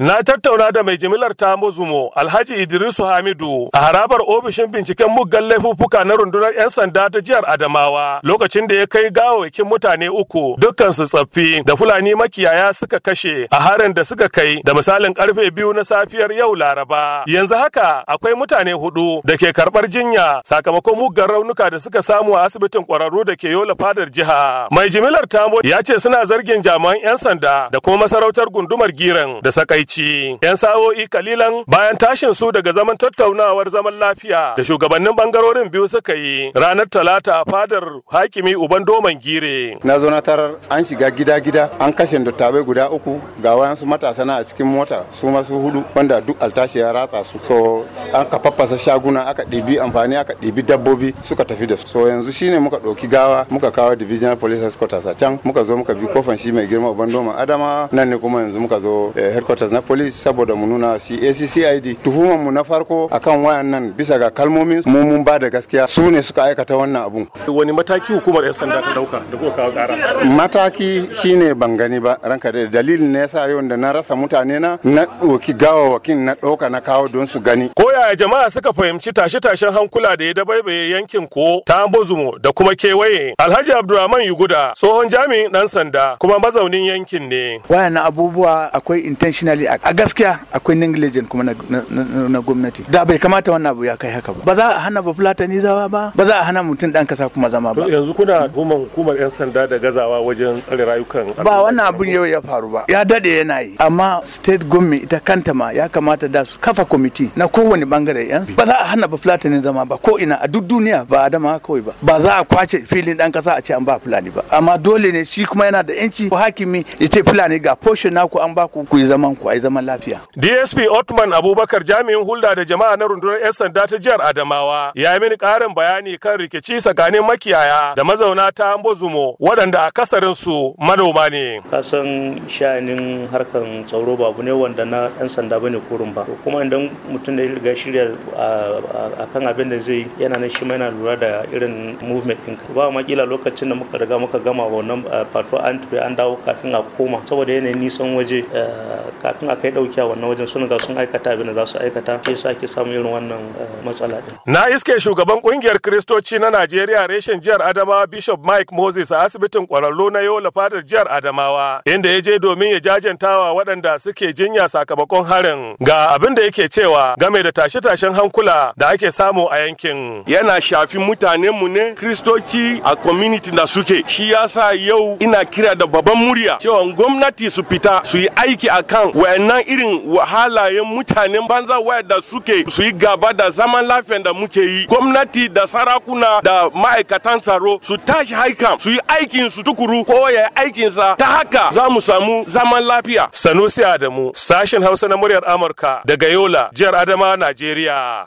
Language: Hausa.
Na tattauna da mai jimilar ta Muzumo Alhaji Idrisu Hamidu a harabar ofishin binciken muggan laifuffuka na rundunar 'yan sanda ta jihar Adamawa lokacin da ya kai gawawakin mutane uku dukkan su tsaffi da Fulani makiyaya suka kashe a harin da suka kai da misalin karfe biyu na safiyar yau Laraba. Yanzu haka akwai mutane hudu da ke karbar jinya sakamakon muggan raunuka da suka samu a asibitin kwararru da ke yola fadar jiha. Mai jimilar ta ya ce suna zargin jami'an 'yan sanda da kuma masarautar gundumar Giran da sakai ci 'Yan sa'o'i kalilan bayan tashin su daga zaman tattaunawar zaman lafiya da shugabannin bangarorin biyu suka yi ranar talata a fadar hakimi uban doman gire. Na zo na tarar an shiga gida-gida an kashe dattabai guda uku ga wayansu matasa na a cikin mota su masu hudu wanda duk altashi ya ratsa su. So an ka faffasa shaguna aka ɗibi amfani aka ɗibi dabbobi suka tafi da su. So yanzu shine muka ɗauki gawa muka kawo divisional police headquarters a can muka zo muka bi kofan shi mai girma uban doman Adama nan ne kuma yanzu muka zo eh, headquarters na na police saboda mu nuna shi ACCID tuhumar mu na farko akan wayan nan bisa ga kalmomin mu mun ba da gaskiya su ne suka aikata wannan abun wani mataki hukumar yan sanda ta dauka da kuka kawo kara mataki shine ban gani ba ranka da dalilin ne yasa yau da na rasa mutane na na doki wakin na dauka na kawo don su gani ko yaya jama'a suka fahimci tashe-tashen hankula da ya dabaibaye yankin ko ta bozumo da kuma kewaye alhaji abdulrahman yuguda tsohon jami'in dan sanda kuma mazaunin yankin ne wayannan abubuwa akwai intentional misali a gaskiya akwai negligent kuma na gwamnati da bai kamata wannan abu ya kai haka ba ba za a hana ba fulatani zawa ba ba za a hana mutum dan kasa kuma zama ba yanzu kuna hukumar hukumar yan sanda da gazawa wajen tsare rayukan ba wannan abun yau ya faru ba ya dade yana yi amma state government ita kanta ma ya kamata da su kafa komiti na kowane bangare yan ba za a hana ba fulatani zama ba ko ina a duk duniya ba adama kawai ba ba za a kwace filin dan kasa a ce an ba fulani ba amma dole ne shi kuma yana da yanci ko hakimi ya ce fulani ga portion naku an ba ku ku yi zaman ku a yi zaman lafiya. DSP Otman Abubakar jami'in hulda da jama'a na rundunar 'yan sanda ta jihar Adamawa ya yi mini ƙarin bayani kan rikici tsakanin makiyaya da mazauna ta Ambozumo waɗanda akasarin su manoma ne. Kasan sha'anin harkan tsaro ba abu ne wanda na 'yan sanda bane kurin ba. Kuma idan mutum da ya shirya a kan abin da zai yana na shi yana lura da irin movement ɗinka. Ba ma kila lokacin da muka riga muka gama wannan eh, patrol an tafi an dawo kafin a koma saboda yanayin nisan waje eh, in aka yi dauki a wannan wajen sun ga sun aikata abin da za su aikata shi yasa ake samu irin wannan eh, matsala din na iske shugaban kungiyar kiristoci na Najeriya reshen jihar Adamawa Bishop Mike Moses a asibitin kwararru na Yola fadar jihar Adamawa inda ya je domin ya jajantawa waɗanda suke jinya sakamakon harin ga abin da yake cewa game da tashe-tashen hankula da ake samu a yankin yana shafi mutanen mu ne kiristoci, a community da suke shi yasa yau ina kira da babban murya cewa gwamnati su fita su yi aiki akan wayannan irin halayen mutanen banza waya da suke su yi gaba da zaman lafiyan da muke yi gwamnati da sarakuna da ma'aikatan tsaro su tashi haikam su yi aikin su tukuru ko ya aikinsa ta haka za mu samu zaman lafiya sanusi adamu sashen hausa na muryar amurka daga yola jihar adama najeriya